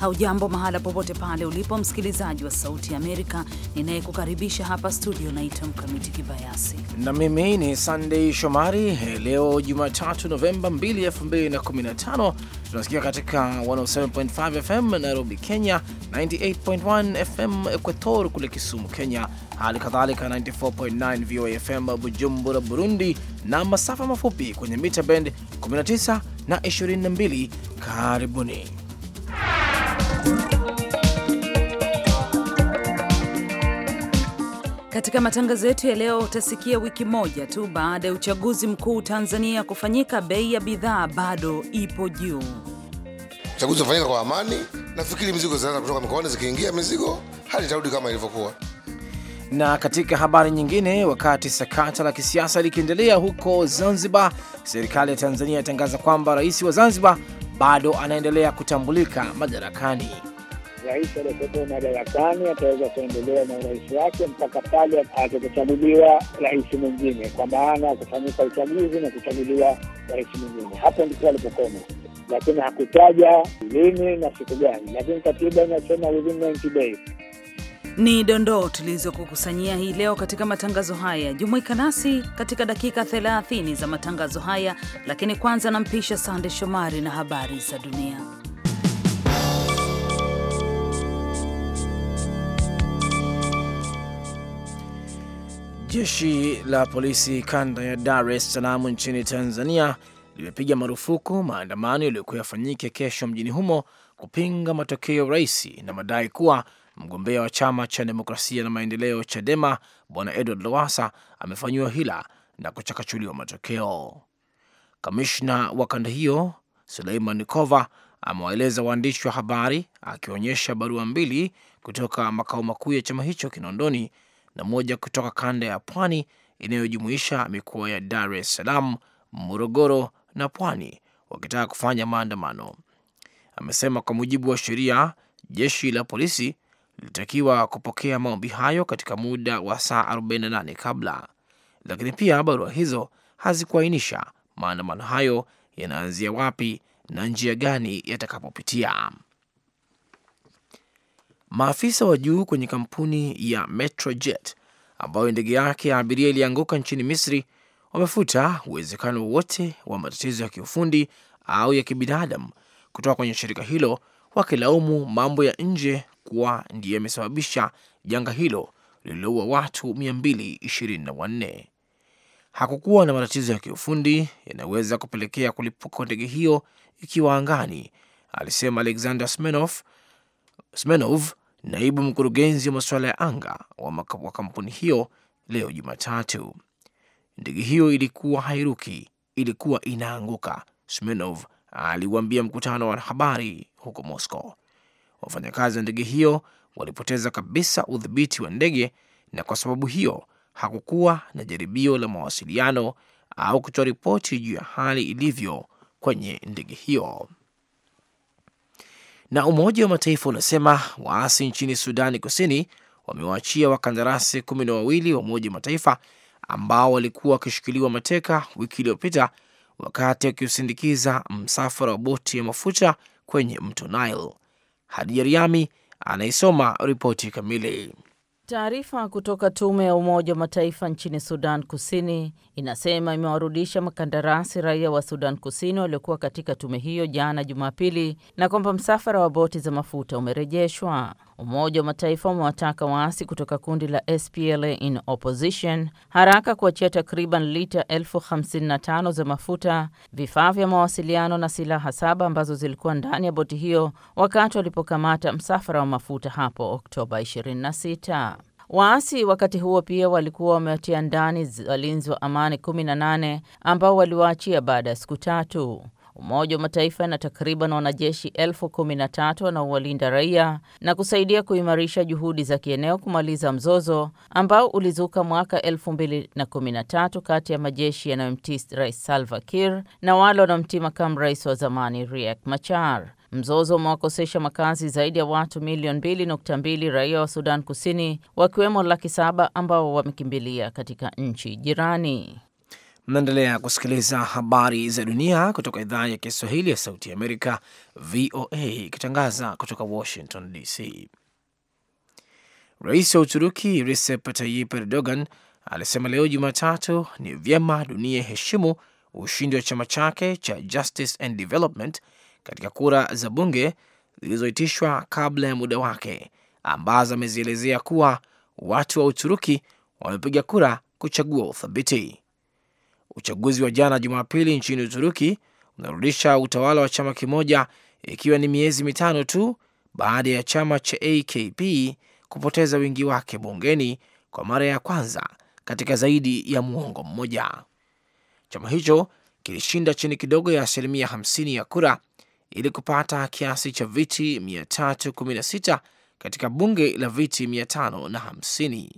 Haujambo mahala popote pale ulipo msikilizaji wa Sauti ya Amerika, ninayekukaribisha hapa studio naitwa Mkamiti Kibayasi na mimi ni Sandei Shomari. Leo Jumatatu Novemba 2, 2015 tunasikia katika 107.5 FM Nairobi, Kenya, 98.1 FM Equator kule Kisumu, Kenya, hali kadhalika 94.9 VOA FM Bujumbura, Burundi, na masafa mafupi kwenye mita bend 19 na 22. Karibuni. Katika matangazo yetu ya leo utasikia, wiki moja tu baada ya uchaguzi mkuu Tanzania kufanyika, bei ya bidhaa bado ipo juu. Uchaguzi unafanyika kwa amani, nafikiri mizigo zinaanza kutoka mikoani, zikiingia mizigo hali itarudi kama ilivyokuwa. Na katika habari nyingine, wakati sakata la kisiasa likiendelea huko Zanzibar, serikali ya Tanzania yatangaza kwamba rais wa Zanzibar bado anaendelea kutambulika madarakani. Rais aliyekuwepo madarakani ataweza kuendelea na urais wake mpaka pale atakapochaguliwa rais mwingine, kwa maana ya kufanyika uchaguzi na kuchaguliwa rais mwingine. Hapo ndipo alipokoma, lakini hakutaja lini na siku gani, lakini katiba inasema within 90 days. Ni dondoo tulizokukusanyia hii leo katika matangazo haya. Jumuika nasi katika dakika 30 za matangazo haya, lakini kwanza nampisha Sande Shomari na habari za dunia. Jeshi la polisi kanda ya Dar es Salaam nchini Tanzania limepiga marufuku maandamano yaliyokuwa yafanyike kesho mjini humo kupinga matokeo ya urais na madai kuwa mgombea wa chama cha demokrasia na maendeleo Chadema bwana Edward Lowasa amefanyiwa hila na kuchakachuliwa matokeo. Kamishna wa kanda hiyo Suleiman Kova amewaeleza waandishi wa habari akionyesha barua mbili kutoka makao makuu ya chama hicho Kinondoni na moja kutoka kanda ya Pwani inayojumuisha mikoa ya Dar es Salaam, Morogoro na Pwani wakitaka kufanya maandamano. Amesema kwa mujibu wa sheria, jeshi la polisi ilitakiwa kupokea maombi hayo katika muda wa saa 48 kabla, lakini pia barua hizo hazikuainisha maandamano hayo yanaanzia wapi na njia gani yatakapopitia. Maafisa wa juu kwenye kampuni ya Metrojet ambayo ndege yake ya abiria ilianguka nchini Misri wamefuta uwezekano wowote wa matatizo ya kiufundi au ya kibinadamu kutoka kwenye shirika hilo, wakilaumu mambo ya nje kuwa ndiyo yamesababisha janga hilo lililoua watu 224. Hakukuwa na matatizo ya kiufundi yanaweza kupelekea kulipuka kwa ndege hiyo ikiwa angani, alisema Alexander Smenov, Smenov naibu mkurugenzi wa masuala ya anga wa kampuni hiyo leo Jumatatu. Ndege hiyo ilikuwa hairuki, ilikuwa inaanguka, Smenov aliuambia mkutano wa habari huko Moscow wafanyakazi wa ndege hiyo walipoteza kabisa udhibiti wa ndege, na kwa sababu hiyo hakukuwa na jaribio la mawasiliano au kutoa ripoti juu ya hali ilivyo kwenye ndege hiyo. Na Umoja wa Mataifa unasema waasi nchini Sudani Kusini wamewaachia wakandarasi kumi na wawili wa Umoja wa Mataifa ambao walikuwa wakishikiliwa mateka wiki iliyopita wakati wakiusindikiza msafara wa boti ya mafuta kwenye mto Nile. Hadija Riami anayesoma ripoti kamili. Taarifa kutoka tume ya Umoja wa Mataifa nchini Sudan Kusini inasema imewarudisha makandarasi raia wa Sudan Kusini waliokuwa katika tume hiyo jana Jumapili, na kwamba msafara wa boti za mafuta umerejeshwa. Umoja wa Mataifa umewataka waasi kutoka kundi la SPLA in opposition haraka kuachia takriban lita elfu 55 za mafuta, vifaa vya mawasiliano na silaha saba ambazo zilikuwa ndani ya boti hiyo wakati walipokamata msafara wa mafuta hapo Oktoba 26. Waasi wakati huo pia walikuwa wamewatia ndani walinzi wa amani 18 ambao waliwaachia baada ya siku tatu. Umoja wa Mataifa na takriban wanajeshi elfu kumi na tatu wanaowalinda raia na kusaidia kuimarisha juhudi za kieneo kumaliza mzozo ambao ulizuka mwaka elfu mbili na kumi na tatu kati ya majeshi yanayomtii Rais Salva Kiir na wale wanaomtii makamu rais wa zamani Riek Machar. Mzozo umewakosesha makazi zaidi ya watu milioni mbili nukta mbili raia wa Sudan Kusini, wakiwemo laki saba ambao wamekimbilia katika nchi jirani. Mnaendelea kusikiliza habari za dunia kutoka idhaa ya Kiswahili ya Sauti ya Amerika, VOA, ikitangaza kutoka Washington DC. Rais wa Uturuki Recep Tayyip Erdogan alisema leo Jumatatu ni vyema dunia heshimu ushindi wa chama chake cha Justice and Development katika kura za bunge zilizoitishwa kabla ya muda wake, ambazo amezielezea kuwa watu wa Uturuki wamepiga kura kuchagua uthabiti. Uchaguzi wa jana Jumapili nchini Uturuki unarudisha utawala wa chama kimoja, ikiwa ni miezi mitano tu baada ya chama cha AKP kupoteza wingi wake bungeni kwa mara ya kwanza katika zaidi ya muongo mmoja. Chama hicho kilishinda chini kidogo ya asilimia 50 ya kura ili kupata kiasi cha viti 316 katika bunge la viti 550.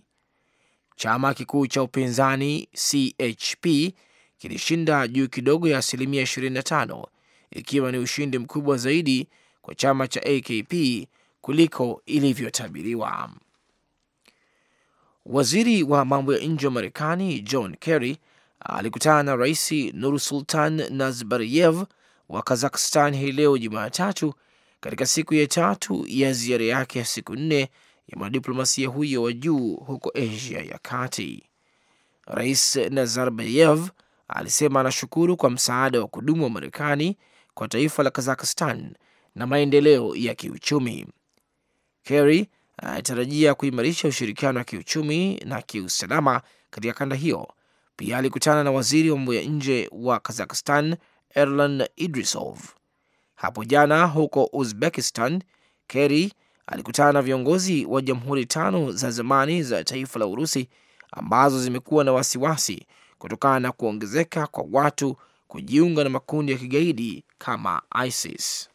Chama kikuu cha upinzani CHP kilishinda juu kidogo ya asilimia 25 ikiwa ni ushindi mkubwa zaidi kwa chama cha AKP kuliko ilivyotabiriwa. Waziri wa mambo ya nje wa Marekani John Kerry alikutana na Rais Nursultan Nazarbayev wa Kazakhstan hii leo Jumatatu, katika siku ya tatu ya ziara yake ya siku nne ya mwanadiplomasia huyo wa juu huko Asia ya Kati. Rais Nazarbayev alisema anashukuru kwa msaada wa kudumu wa Marekani kwa taifa la Kazakhstan na maendeleo ya kiuchumi. Kerry anatarajia kuimarisha ushirikiano wa kiuchumi na kiusalama katika kanda hiyo. Pia alikutana na waziri wa mambo ya nje wa Kazakhstan Erlan Idrisov hapo jana huko Uzbekistan. Kerry alikutana na viongozi wa jamhuri tano za zamani za taifa la Urusi ambazo zimekuwa na wasiwasi kutokana na kuongezeka kwa watu kujiunga na makundi ya kigaidi kama ISIS.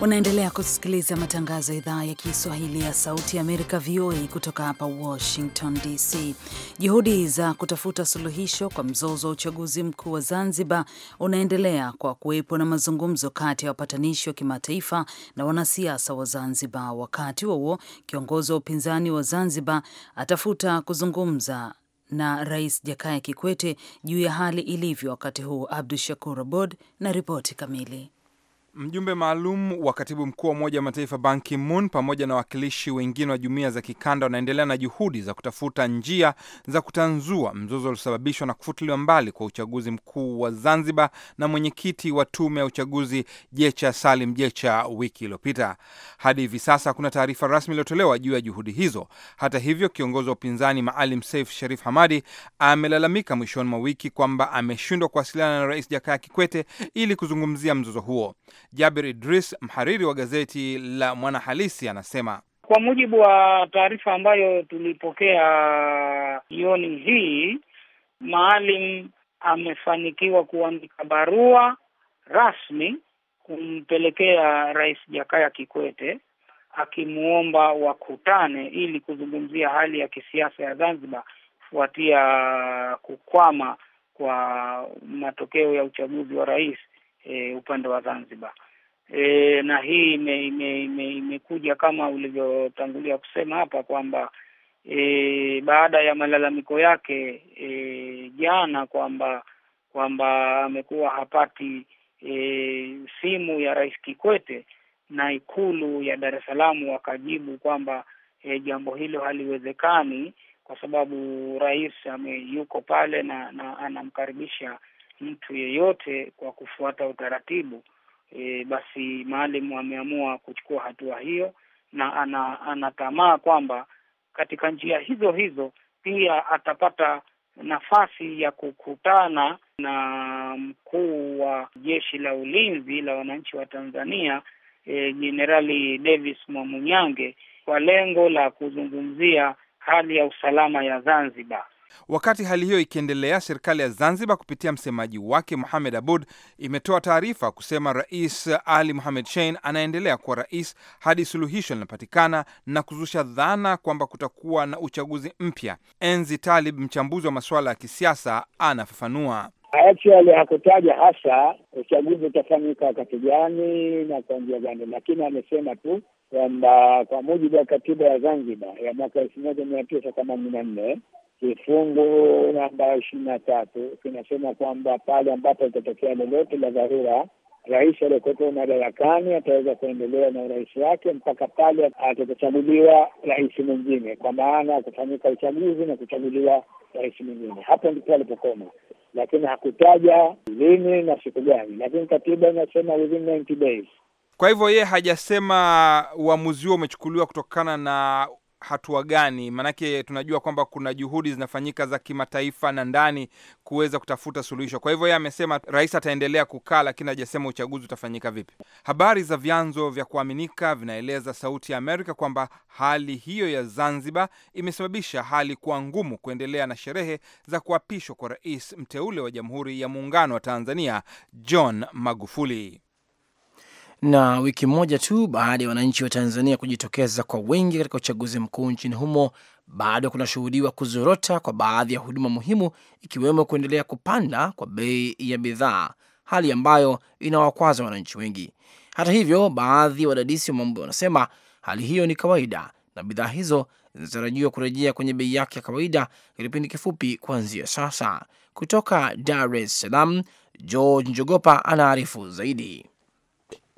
Unaendelea kusikiliza matangazo ya idhaa ya Kiswahili ya Sauti ya Amerika, VOA, kutoka hapa Washington DC. Juhudi za kutafuta suluhisho kwa mzozo wa uchaguzi mkuu wa Zanzibar unaendelea kwa kuwepo na mazungumzo kati ya wapatanishi wa kimataifa na wanasiasa wa Zanzibar. Wakati huo kiongozi wa upinzani wa Zanzibar atafuta kuzungumza na Rais Jakaya Kikwete juu ya hali ilivyo wakati huu. Abdu Shakur Abod na ripoti kamili. Mjumbe maalum wa katibu mkuu wa Umoja wa Mataifa Ban Ki-moon pamoja na wawakilishi wengine wa jumuiya za kikanda wanaendelea na juhudi za kutafuta njia za kutanzua mzozo uliosababishwa na kufutiliwa mbali kwa uchaguzi mkuu wa Zanzibar na mwenyekiti wa tume ya uchaguzi Jecha Salim Jecha wiki iliyopita. Hadi hivi sasa hakuna taarifa rasmi iliyotolewa juu ya juhudi hizo. Hata hivyo, kiongozi wa upinzani Maalim Seif Sharif Hamadi amelalamika mwishoni mwa wiki kwamba ameshindwa kuwasiliana na Rais Jakaya Kikwete ili kuzungumzia mzozo huo. Jabir Idris, mhariri wa gazeti la Mwanahalisi, anasema kwa mujibu wa taarifa ambayo tulipokea uh, jioni hii, Maalim amefanikiwa kuandika barua rasmi kumpelekea Rais Jakaya Kikwete akimwomba wakutane ili kuzungumzia hali ya kisiasa ya Zanzibar kufuatia kukwama kwa matokeo ya uchaguzi wa rais e, upande wa Zanzibar. E, na hii imekuja kama ulivyotangulia kusema hapa kwamba e, baada ya malalamiko yake e, jana kwamba kwamba amekuwa hapati e, simu ya Rais Kikwete na Ikulu ya Dar es Salaam wakajibu kwamba e, jambo hilo haliwezekani kwa sababu rais ame yuko pale na, na anamkaribisha mtu yeyote kwa kufuata utaratibu e, basi maalimu ameamua kuchukua hatua hiyo, na ana, anatamaa kwamba katika njia hizo hizo pia atapata nafasi ya kukutana na mkuu wa jeshi la ulinzi la wananchi wa Tanzania Jenerali e, Davis Mwamunyange kwa lengo la kuzungumzia hali ya usalama ya Zanzibar. Wakati hali hiyo ikiendelea, serikali ya Zanzibar kupitia msemaji wake muhamed Abud imetoa taarifa kusema Rais Ali muhamed Shein anaendelea kuwa rais hadi suluhisho linapatikana, na kuzusha dhana kwamba kutakuwa na uchaguzi mpya. Enzi Talib, mchambuzi wa masuala ya kisiasa, anafafanua. Actually hakutaja hasa uchaguzi utafanyika wakati gani na kwa njia gani, lakini amesema tu kwamba kwa mujibu wa katiba ya Zanzibar ya mwaka elfu moja mia tisa themanini na nne kifungu namba ishirini na tatu kinasema kwamba pale ambapo itatokea lolote la dharura, rais aliyekuwepo madarakani ataweza kuendelea na urais wake mpaka pale atakachaguliwa rais mwingine, kwa maana kufanyika uchaguzi na kuchaguliwa rais mwingine. Hapo ndipo alipokoma, lakini hakutaja lini na siku gani, lakini katiba inasema within 90 days. Kwa hivyo yeye hajasema uamuzi huo umechukuliwa kutokana na hatua gani? Maanake tunajua kwamba kuna juhudi zinafanyika za kimataifa na ndani kuweza kutafuta suluhisho. Kwa hivyo yeye amesema rais ataendelea kukaa, lakini hajasema uchaguzi utafanyika vipi. Habari za vyanzo vya kuaminika vinaeleza Sauti ya Amerika kwamba hali hiyo ya Zanzibar imesababisha hali kuwa ngumu kuendelea na sherehe za kuapishwa kwa rais mteule wa Jamhuri ya Muungano wa Tanzania John Magufuli. Na wiki moja tu baada ya wananchi wa Tanzania kujitokeza kwa wingi katika uchaguzi mkuu nchini humo, bado kunashuhudiwa kuzorota kwa baadhi ya huduma muhimu, ikiwemo kuendelea kupanda kwa bei ya bidhaa, hali ambayo inawakwaza wananchi wengi. Hata hivyo, baadhi ya wadadisi wa mambo wanasema hali hiyo ni kawaida na bidhaa hizo zinatarajiwa kurejea kwenye bei yake ya kawaida kipindi kifupi kuanzia sasa. Kutoka Dar es Salaam, George Njogopa anaarifu zaidi.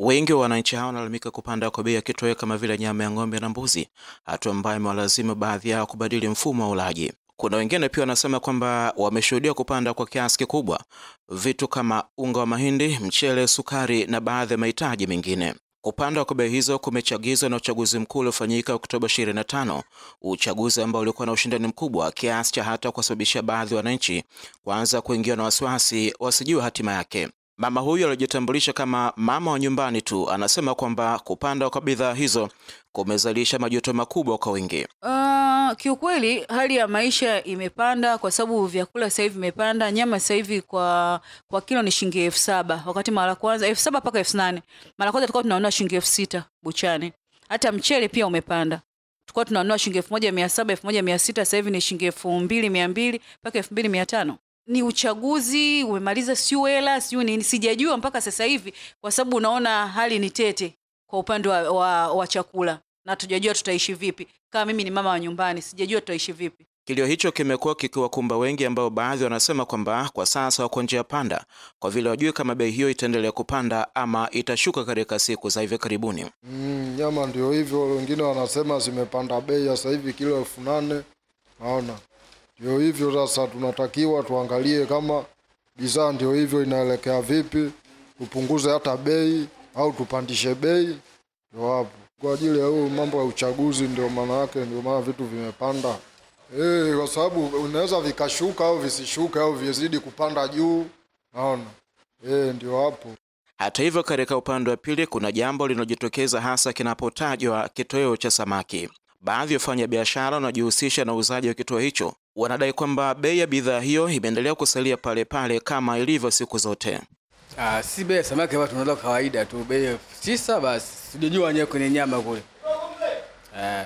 Wengi wa wananchi hao wanalalamika kupanda kwa bei ya kitoweo kama vile nyama ya ng'ombe na mbuzi, hatua ambayo imewalazima baadhi yao kubadili mfumo wa ulaji. Kuna wengine pia wanasema kwamba wameshuhudia kupanda kwa kiasi kikubwa vitu kama unga wa mahindi, mchele, sukari na baadhi ya mahitaji mengine. Kupanda kwa bei hizo kumechagizwa na uchaguzi mkuu uliofanyika Oktoba 25, uchaguzi ambao ulikuwa na ushindani mkubwa kiasi cha hata kuwasababisha baadhi ya wananchi kuanza kuingiwa na wasiwasi wasijue hatima yake. Mama huyu alijitambulisha kama mama wa nyumbani tu, anasema kwamba kupanda kwa bidhaa hizo kumezalisha majuto makubwa kwa wingi. Uh, kiukweli hali ya maisha imepanda kwa sababu vyakula sasa hivi vimepanda. Nyama sasa hivi kwa kwa kilo ni shilingi elfu saba wakati mara kwanza elfu saba mpaka elfu nane Mara kwanza tulikuwa tunaona shilingi elfu sita buchani. Hata mchele pia umepanda, tulikuwa tunanunua shilingi elfu moja mia saba elfu moja mia sita sasa hivi ni shilingi elfu mbili mia mbili mpaka elfu mbili mia tano ni uchaguzi umemaliza, sio hela, sio nini, sijajua mpaka sasa hivi, kwa sababu unaona hali ni tete kwa upande wa, wa, wa chakula na tujajua tutaishi vipi. Kama mimi ni mama wa nyumbani, sijajua tutaishi vipi. Kilio hicho kimekuwa kikiwakumba wengi, ambao baadhi wanasema kwamba kwa sasa wako njia panda, kwa vile wajui kama bei hiyo itaendelea kupanda ama itashuka katika siku za hivi karibuni. Mm, nyama ndio hivyo, wengine wanasema zimepanda bei sasa hivi kilo elfu nane naona ndio hivyo sasa, tunatakiwa tuangalie kama bidhaa ndio hivyo inaelekea vipi, tupunguze hata bei au tupandishe bei. Ndio hapo kwa ajili ya huyo mambo ya uchaguzi, ndio maana yake, ndio maana vitu vimepanda e, kwa sababu unaweza vikashuka au visishuke au vizidi kupanda juu, naona e, ndio hapo. Hata hivyo, katika upande wa pili kuna jambo linalojitokeza hasa kinapotajwa kitoweo cha samaki. Baadhi ya wafanyabiashara wanajihusisha na uuzaji wa kitoweo hicho wanadai kwamba bei ya bidhaa hiyo imeendelea kusalia pale pale kama ilivyo siku zote. Ah, si bei ya samaki hapa tunauza kawaida tu, bei elfu tisa basi. Sijajua wenyewe kwenye nyama kule. Ah,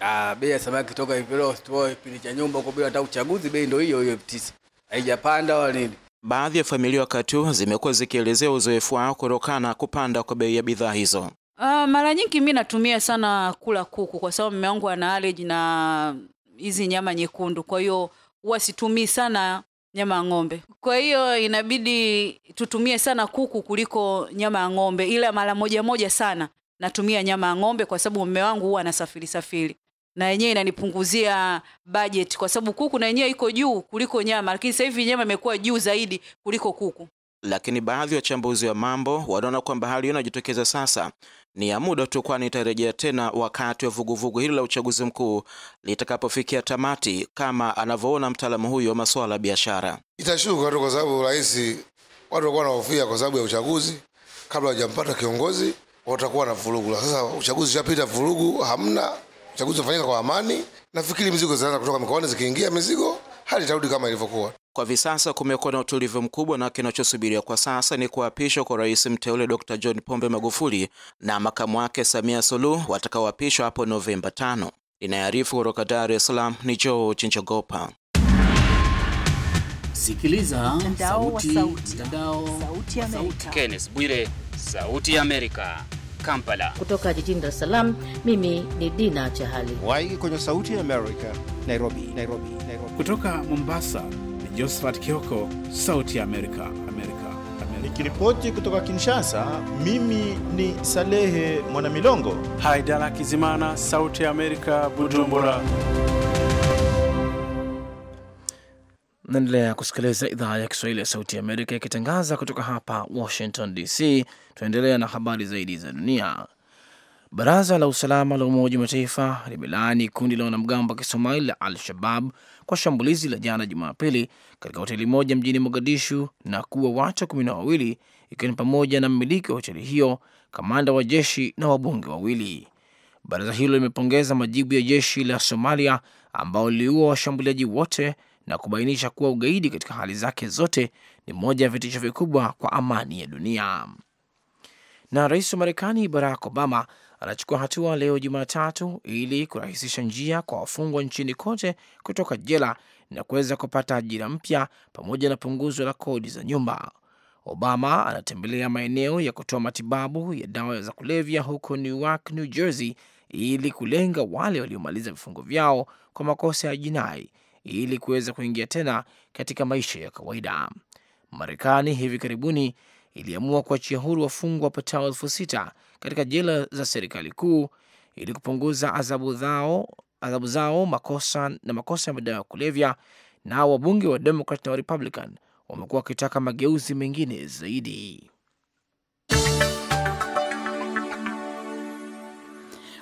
ah, bei ya samaki toka hivi leo tuoe kipindi cha nyumba kwa bila hata uchaguzi, bei ndio hiyo hiyo elfu tisa. Haijapanda wala nini. Baadhi ya familia wakati huu zimekuwa zikielezea uzoefu wao kutokana kupanda kwa bei ya bidhaa hizo. Uh, mara nyingi mimi natumia sana kula kuku kwa sababu mume wangu ana allergy na hizi nyama nyekundu, kwa hiyo huwa situmii sana nyama ya ng'ombe. Kwa hiyo inabidi tutumie sana kuku kuliko nyama ya ng'ombe, ila mara moja moja sana natumia nyama ya ng'ombe kwa sababu mume wangu huwa anasafiri safiri, na yenyewe inanipunguzia budget, kwa sababu kuku na yenyewe iko juu kuliko nyama, lakini sasa hivi nyama imekuwa juu zaidi kuliko kuku lakini baadhi ya wachambuzi wa mambo wanaona kwamba hali hiyo inajitokeza sasa ni ya muda tu, kwani itarejea tena wakati wa vuguvugu hili la uchaguzi mkuu litakapofikia tamati, kama anavyoona mtaalamu huyo wa masuala ya biashara. Itashuka tu kwa sababu rais, watu walikuwa wanahofia kwa sababu ya uchaguzi, kabla hawajampata kiongozi watakuwa na vurugu. Sasa uchaguzi ushapita, vurugu hamna, uchaguzi unafanyika kwa amani. Nafikiri mizigo zinaanza kutoka mikoani, zikiingia mizigo hali itarudi kama ilivyokuwa. Kwa hivi sasa kumekuwa na utulivu mkubwa, na kinachosubiriwa kwa sasa ni kuapishwa kwa rais mteule Dr. John Pombe Magufuli na makamu wake Samia Suluhu watakaoapishwa hapo Novemba 5. Inayoarifu kutoka Dar es Salaam ni George Njogopa. Sikiliza sauti, mtandao sauti Kenneth Bwire, sauti ya Amerika. Kampala. Kutoka jijini Dar es Salaam, mimi ni Dina Chahali. Waiki kwenye sauti ya Amerika, Nairobi, Nairobi, Nairobi. Kutoka Mombasa Josephat Kioko, Sauti ya Amerika, Amerika. Nikiripoti kutoka Kinshasa, mimi ni Salehe Mwanamilongo. Haidara Kizimana, Sauti ya Amerika, Bujumbura. Naendelea kusikiliza idhaa ya Kiswahili ya Sauti ya Amerika ikitangaza kutoka hapa Washington DC. Tunaendelea na habari zaidi za dunia. Baraza la Usalama la Umoja wa Mataifa limelaani kundi la wanamgambo wa Kisomali la Al-Shabab kwa shambulizi la jana Jumapili katika hoteli moja mjini Mogadishu na kuwa watu kumi na wawili ikiwa ni pamoja na mmiliki wa hoteli hiyo, kamanda wa jeshi na wabunge wawili. Baraza hilo limepongeza majibu ya jeshi la Somalia ambao liliua washambuliaji wote na kubainisha kuwa ugaidi katika hali zake zote ni moja ya vitisho vikubwa kwa amani ya dunia. Na rais wa Marekani Barack Obama anachukua hatua leo Jumatatu ili kurahisisha njia kwa wafungwa nchini kote kutoka jela na kuweza kupata ajira mpya pamoja na punguzo la kodi za nyumba. Obama anatembelea maeneo ya kutoa matibabu ya dawa za kulevya huko Newark, New Jersey ili kulenga wale waliomaliza vifungo vyao kwa makosa ya jinai ili kuweza kuingia tena katika maisha ya kawaida. Marekani hivi karibuni iliamua kuachia huru wafungwa wapatao elfu sita katika jela za serikali kuu ili kupunguza adhabu zao, adhabu zao makosa na makosa ya madawa ya kulevya. Nao wabunge wa Demokrat na wa Republican wamekuwa wakitaka mageuzi mengine zaidi.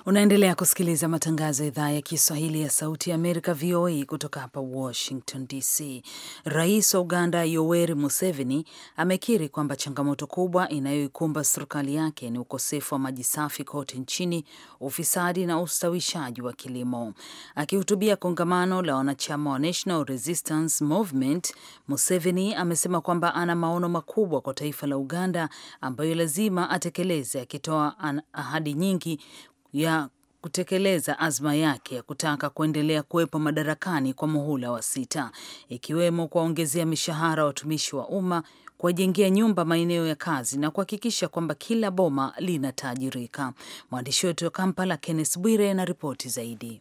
Unaendelea kusikiliza matangazo ya idhaa ya Kiswahili ya Sauti ya Amerika, VOA, kutoka hapa Washington DC. Rais wa Uganda Yoweri Museveni amekiri kwamba changamoto kubwa inayoikumba serikali yake ni ukosefu wa maji safi kote nchini, ufisadi na ustawishaji wa kilimo. Akihutubia kongamano la wanachama wa National Resistance Movement, Museveni amesema kwamba ana maono makubwa kwa taifa la Uganda ambayo lazima atekeleze, akitoa ahadi nyingi ya kutekeleza azma yake ya kutaka kuendelea kuwepo madarakani kwa muhula wa sita, ikiwemo kuwaongezea mishahara watumishi wa umma, kuwajengea nyumba maeneo ya kazi na kuhakikisha kwamba kila boma linatajirika. Mwandishi wetu wa Kampala, Kenneth Bwire, na ripoti zaidi.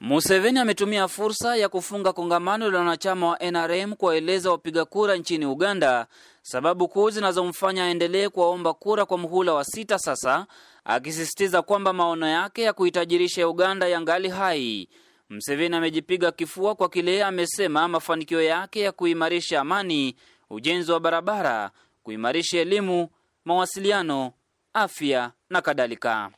Museveni ametumia fursa ya kufunga kongamano la wanachama wa NRM kuwaeleza wapiga kura nchini Uganda sababu kuu zinazomfanya aendelee kuwaomba kura kwa muhula wa sita sasa akisisitiza kwamba maono yake ya kuitajirisha Uganda yangali hai. Mseveni amejipiga kifua kwa kile amesema mafanikio yake ya kuimarisha amani, ujenzi wa barabara, kuimarisha elimu, mawasiliano, afya na kadhalika.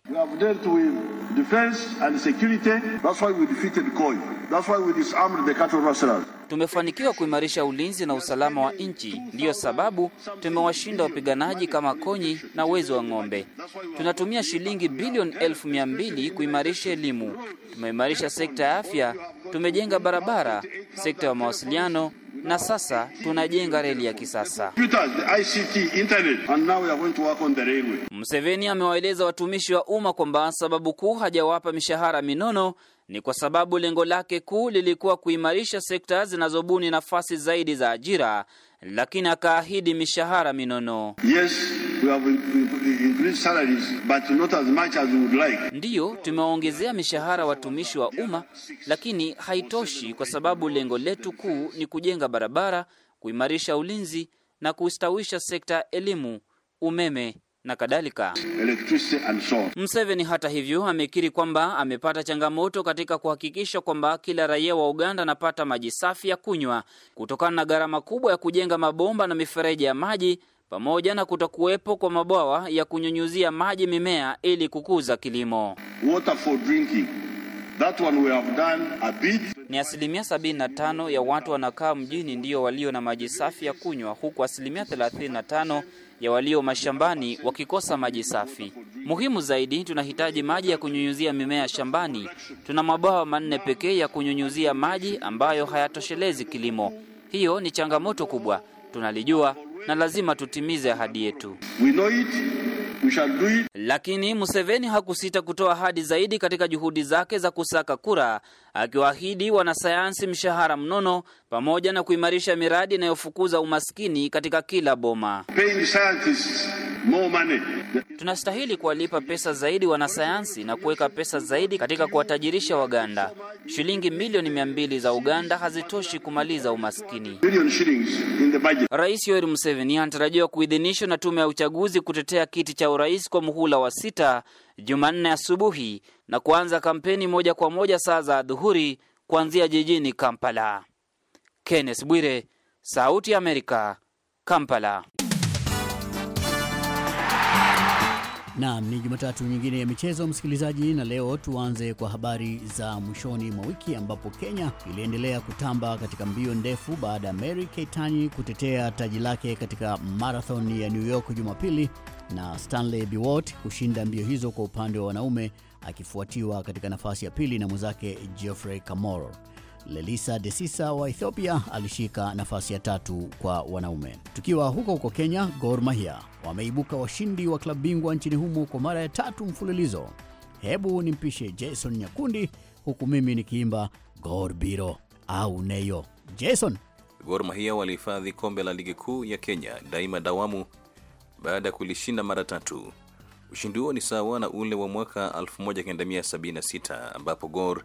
Tumefanikiwa kuimarisha ulinzi na usalama wa nchi, ndiyo sababu tumewashinda wapiganaji kama konyi na wezi wa ng'ombe. Tunatumia shilingi bilioni elfu mia mbili kuimarisha elimu, tumeimarisha sekta ya afya, tumejenga barabara, sekta ya mawasiliano na sasa tunajenga reli ya kisasa. Museveni amewaeleza watumishi wa umma kwamba sababu kuu hajawapa mishahara minono ni kwa sababu lengo lake kuu lilikuwa kuimarisha sekta zinazobuni nafasi zaidi za ajira, lakini akaahidi mishahara minono. Yes like. Ndiyo, tumewaongezea mishahara watumishi wa umma, lakini haitoshi kwa sababu lengo letu kuu ni kujenga barabara, kuimarisha ulinzi na kustawisha sekta elimu, umeme na kadhalika. Mseveni hata hivyo amekiri kwamba amepata changamoto katika kuhakikisha kwamba kila raia wa Uganda anapata maji safi ya kunywa kutokana na gharama kubwa ya kujenga mabomba na mifereji ya maji pamoja na kutokuwepo kwa mabwawa ya kunyunyuzia maji mimea ili kukuza kilimo. Water for drinking. That one we have done a bit. Ni asilimia 75 ya watu wanakaa mjini ndiyo walio na maji safi ya kunywa, huku asilimia 35 ya walio mashambani wakikosa maji safi. Muhimu zaidi, tunahitaji maji ya kunyunyuzia mimea shambani. Tuna mabwawa manne pekee ya kunyunyuzia maji ambayo hayatoshelezi kilimo. Hiyo ni changamoto kubwa, tunalijua na lazima tutimize ahadi yetu. We know it. We shall do it. Lakini Museveni hakusita kutoa ahadi zaidi katika juhudi zake za kusaka kura, akiwaahidi wanasayansi mshahara mnono pamoja na kuimarisha miradi inayofukuza umaskini katika kila boma. Tunastahili kuwalipa pesa zaidi wanasayansi na kuweka pesa zaidi katika kuwatajirisha Waganda. Shilingi milioni mia mbili za Uganda hazitoshi kumaliza umaskini. Rais Yoweri Museveni anatarajiwa kuidhinishwa na tume ya uchaguzi kutetea kiti cha urais kwa muhula wa sita Jumanne asubuhi na kuanza kampeni moja kwa moja saa za adhuhuri kuanzia jijini Kampala. Kenneth Bwire, Sauti ya Amerika, Kampala. Naam, ni Jumatatu nyingine ya michezo msikilizaji, na leo tuanze kwa habari za mwishoni mwa wiki ambapo Kenya iliendelea kutamba katika mbio ndefu baada ya Mary Keitany kutetea taji lake katika marathon ya New York Jumapili na Stanley Biwott kushinda mbio hizo kwa upande wa wanaume, akifuatiwa katika nafasi ya pili na mwenzake Geoffrey Kamoro. Lelisa Desisa wa Ethiopia alishika nafasi ya tatu kwa wanaume. Tukiwa huko huko Kenya, Gor Mahia wameibuka washindi wa, klabu bingwa nchini humo kwa mara ya tatu mfululizo. Hebu nimpishe Jason Nyakundi huku mimi nikiimba Gor Biro au Neyo. Jason, Gor Mahia walihifadhi kombe la ligi kuu ya Kenya daima dawamu baada ya kulishinda mara tatu. Ushindi huo ni sawa na ule wa mwaka 1976 ambapo Gor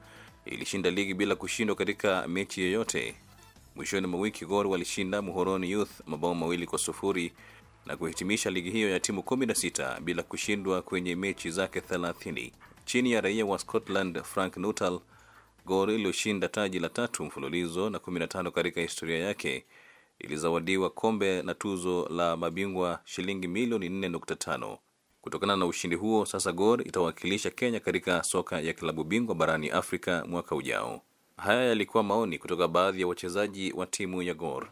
ilishinda ligi bila kushindwa katika mechi yoyote. Mwishoni mwa wiki Gor walishinda Muhoroni Youth mabao mawili kwa sufuri na kuhitimisha ligi hiyo ya timu 16 bila kushindwa kwenye mechi zake 30 chini ya raia wa Scotland Frank Nuttall. Gor iliyoshinda taji la tatu mfululizo na 15 katika historia yake ilizawadiwa kombe na tuzo la mabingwa shilingi milioni 4.5. Kutokana na ushindi huo, sasa Gor itawakilisha Kenya katika soka ya klabu bingwa barani Afrika mwaka ujao. Haya yalikuwa maoni kutoka baadhi ya wachezaji wa timu ya Gor.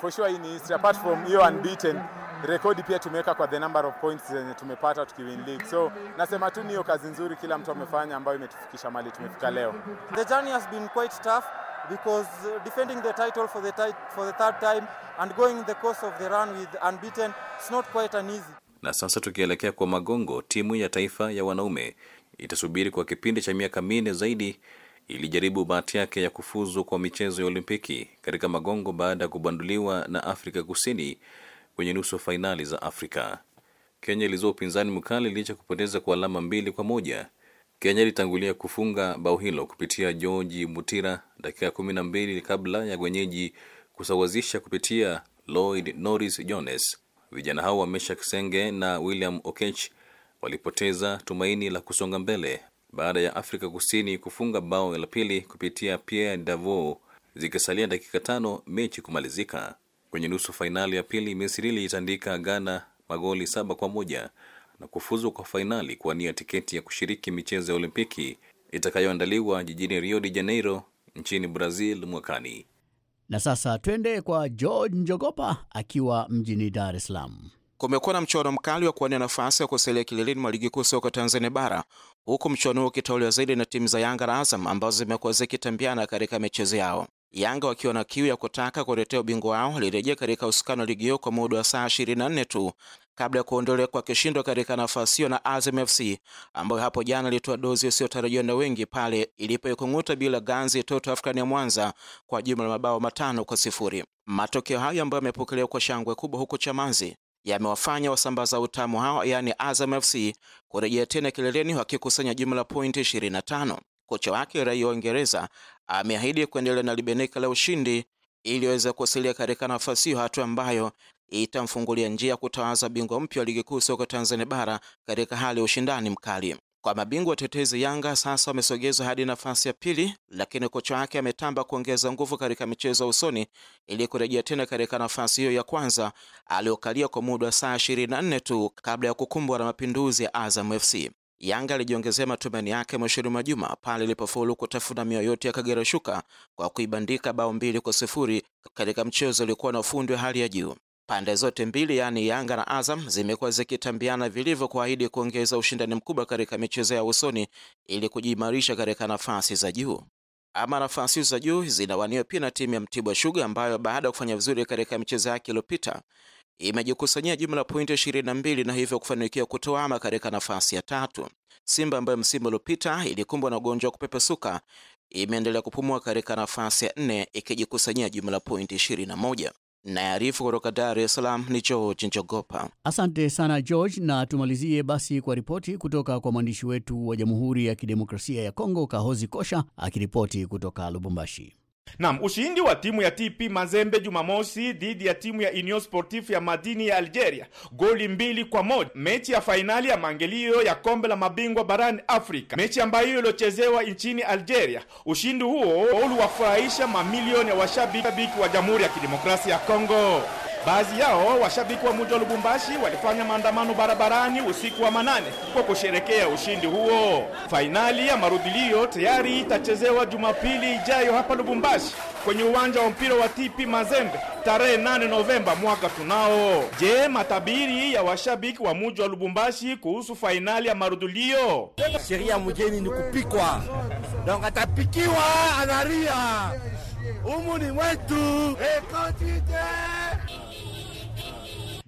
For sure in history, apart from hiyo unbeaten rekodi pia tumeweka kwa the number of points zenye tumepata tukiwin league, so nasema tu niyo kazi nzuri kila mtu amefanya ambayo imetufikisha mali tumefika leo. The journey has been quite tough because uh, defending the title for the, for the third time and going the course of the run with unbeaten it's not quite an easy na sasa tukielekea kwa Magongo, timu ya taifa ya wanaume itasubiri kwa kipindi cha miaka minne zaidi ilijaribu bahati yake ya kufuzu kwa michezo ya Olimpiki katika Magongo baada ya kubanduliwa na Afrika Kusini kwenye nusu fainali za Afrika. Kenya ilizua upinzani mkali licha kupoteza kwa alama mbili kwa moja. Kenya ilitangulia kufunga bao hilo kupitia George Mutira dakika kumi na mbili kabla ya wenyeji kusawazisha kupitia Lloyd Norris Jones. Vijana hao wa Meshack Senge na William Okech walipoteza tumaini la kusonga mbele baada ya Afrika Kusini kufunga bao la pili kupitia Pierre Davo zikisalia dakika tano mechi kumalizika. Kwenye nusu fainali ya pili, Misri iliitandika Ghana magoli saba kwa moja na kufuzu kwa fainali kuwania tiketi ya kushiriki michezo ya Olimpiki itakayoandaliwa jijini Rio de Janeiro nchini Brazil mwakani. Na sasa twende kwa George Njogopa akiwa mjini Dar es Salaam. Kumekuwa na mchuano mkali wa kuwania nafasi ya kusalia kileleni mwa ligi kuu soka Tanzania bara, huku mchuano huo ukitawaliwa zaidi na timu za Yanga na Azam ambazo zimekuwa zikitambiana katika michezo yao. Yanga wakiwa na kiu ya kutaka kuletea ubingwa wao, alirejea katika usukani wa ligi hiyo kwa muda wa saa 24 tu kabla ya kuondolewa kwa kishindo katika nafasi hiyo na Azam FC ambayo hapo jana ilitoa dozi isiyotarajiwa na wengi pale ilipoikung'uta bila ganzi Toto African ya Mwanza kwa jumla mabao matano kwa sifuri. Matokeo hayo ambayo yamepokelewa kwa shangwe kubwa huko Chamazi yamewafanya wasambaza utamu hao yaani Azam FC kurejea tena kileleni, wakikusanya jumla pointi 25. Kocha wake raia wa Uingereza ameahidi kuendelea na libeneka la ushindi ili aweze kuasilia katika nafasi hiyo, hatua ambayo itamfungulia njia kutawaza bingwa mpya wa ligi kuu soka Tanzania bara katika hali ya ushindani mkali. Kwa mabingwa watetezi Yanga sasa wamesogezwa hadi nafasi ya pili, lakini kocha wake ametamba kuongeza nguvu katika michezo ya usoni ili kurejea tena katika nafasi hiyo ya kwanza aliyokalia kwa muda wa saa 24 tu kabla ya kukumbwa na mapinduzi ya Azam FC. Yanga alijiongezea matumaini yake mwishoni mwa juma pale ilipofaulu kutafuna mioyo yote ya Kagera Shuka kwa kuibandika bao mbili kwa sifuri katika mchezo uliokuwa na ufundi wa hali ya juu. Pande zote mbili yaani Yanga na Azam zimekuwa zikitambiana vilivyo kuahidi kuongeza ushindani mkubwa katika michezo ya usoni ili kujiimarisha katika nafasi za juu. Ama nafasi za juu zinawaniwa pia na timu ya Mtibwa Sugar ambayo baada ya kufanya vizuri katika michezo yake iliyopita imejikusanyia jumla ya pointi 22 na hivyo kufanikiwa kutoama katika nafasi ya tatu. Simba ambayo msimu uliopita ilikumbwa na ugonjwa wa kupepesuka imeendelea kupumua katika nafasi ya nne ikijikusanyia jumla ya pointi 21. nayarifu kutoka Dar es Salaam ni George Njogopa. Asante sana George, na tumalizie basi kwa ripoti kutoka kwa mwandishi wetu wa Jamhuri ya Kidemokrasia ya Kongo, Kahozi Kosha akiripoti kutoka Lubumbashi. Naam, ushindi wa timu ya TP Mazembe Jumamosi dhidi ya timu ya Union Sportif ya madini ya Algeria goli mbili kwa moja, mechi ya fainali ya maangelio ya kombe la mabingwa barani Afrika, mechi ambayo iliochezewa nchini Algeria. Ushindi huo uliwafurahisha mamilioni ya washabiki wa Jamhuri ya Kidemokrasia ya Kongo. Baadhi yao washabiki wa mji wa Lubumbashi walifanya maandamano barabarani usiku wa manane kwa kusherekea ushindi huo. Fainali ya marudilio tayari itachezewa Jumapili ijayo hapa Lubumbashi kwenye uwanja wa mpira wa TP Mazembe tarehe 8 Novemba mwaka tunao. Je, matabiri ya washabiki wa mji wa Lubumbashi kuhusu fainali ya marudilio? Sheria mjini ni kupikwa, donc atapikiwa, anaria umu ni mwetu. Hey,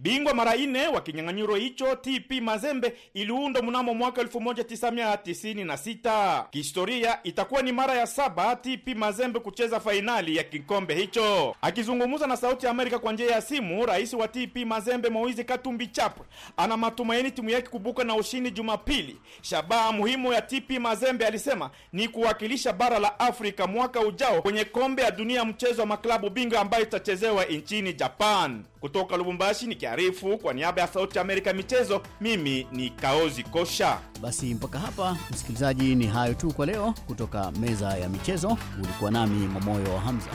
Bingwa mara ine wa kinyang'anyiro hicho TP Mazembe iliundwa mnamo mwaka 1996. Kihistoria itakuwa ni mara ya saba TP Mazembe kucheza fainali ya kikombe hicho. Akizungumza na Sauti ya Amerika kwa njia ya simu, rais wa TP Mazembe Moizi Katumbi Chapwe ana matumaini timu yake kubuka na ushindi Jumapili. Shabaha muhimu ya TP Mazembe alisema ni kuwakilisha bara la Afrika mwaka ujao kwenye kombe ya dunia mchezo wa maklabu bingwa ambayo itachezewa nchini Japan. Kutoka Lubumbashi nikiarifu kwa niaba ya Sauti ya Amerika michezo, mimi ni Kaozi Kosha. Basi mpaka hapa msikilizaji, ni hayo tu kwa leo kutoka meza ya michezo. Ulikuwa nami mamoyo wa Hamza.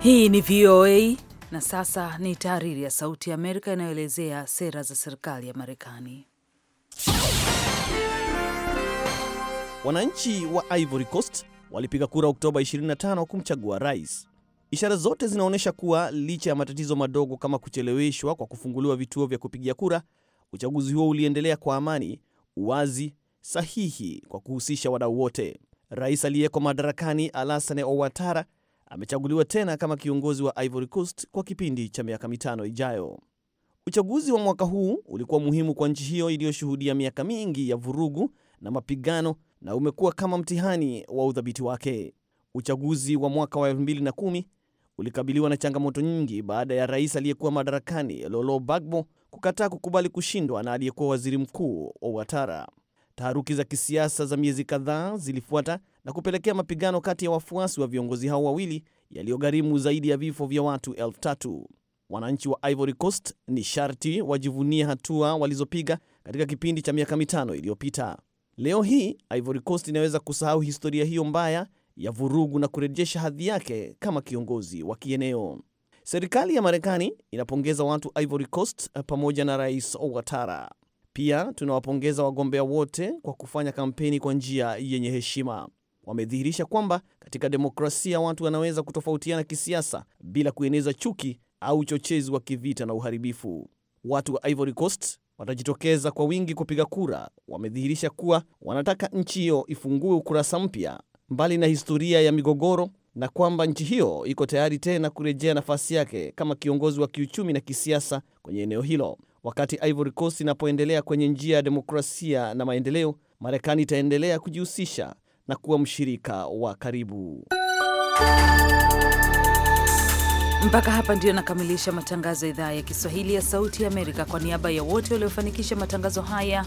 Hii ni VOA na sasa ni tahariri ya Sauti Amerika inayoelezea sera za serikali ya Marekani. Wananchi wa Ivory Coast walipiga kura Oktoba 25 kumchagua rais. Ishara zote zinaonyesha kuwa licha ya matatizo madogo kama kucheleweshwa kwa kufunguliwa vituo vya kupigia kura, uchaguzi huo uliendelea kwa amani, uwazi, sahihi kwa kuhusisha wadau wote. Rais aliyeko madarakani Alassane Ouattara amechaguliwa tena kama kiongozi wa Ivory Coast kwa kipindi cha miaka mitano ijayo. Uchaguzi wa mwaka huu ulikuwa muhimu kwa nchi hiyo iliyoshuhudia miaka mingi ya vurugu na mapigano na umekuwa kama mtihani wa udhabiti wake. Uchaguzi wa mwaka wa ulikabiliwa na changamoto nyingi baada ya rais aliyekuwa madarakani Lolo Bagbo kukataa kukubali kushindwa na aliyekuwa waziri mkuu owatara Taharuki za kisiasa za miezi kadhaa zilifuata na kupelekea mapigano kati ya wafuasi wa viongozi hao wawili yaliyogharimu zaidi ya vifo vya watu elfu tatu. Wananchi wa Ivory Coast ni sharti wajivunie hatua walizopiga katika kipindi cha miaka mitano iliyopita. Leo hii Ivory Coast inaweza kusahau historia hiyo mbaya ya vurugu na kurejesha hadhi yake kama kiongozi wa kieneo. Serikali ya Marekani inapongeza watu Ivory Coast eh, pamoja na Rais Ouattara. Pia tunawapongeza wagombea wote kwa kufanya kampeni kwa njia yenye heshima. Wamedhihirisha kwamba katika demokrasia watu wanaweza kutofautiana kisiasa bila kueneza chuki au uchochezi wa kivita na uharibifu. Watu wa Ivory Coast watajitokeza kwa wingi kupiga kura. Wamedhihirisha kuwa wanataka nchi hiyo ifungue ukurasa mpya mbali na historia ya migogoro na kwamba nchi hiyo iko tayari tena kurejea nafasi yake kama kiongozi wa kiuchumi na kisiasa kwenye eneo hilo. Wakati Ivory Coast inapoendelea kwenye njia ya demokrasia na maendeleo, Marekani itaendelea kujihusisha na kuwa mshirika wa karibu. Mpaka hapa ndio nakamilisha matangazo ya idhaa ya Kiswahili ya Sauti ya Amerika. Kwa niaba ya wote waliofanikisha matangazo haya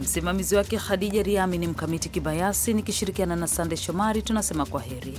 Msimamizi wake Khadija Riami, ni Mkamiti Kibayasi nikishirikiana na Sande Shomari. Tunasema kwa heri.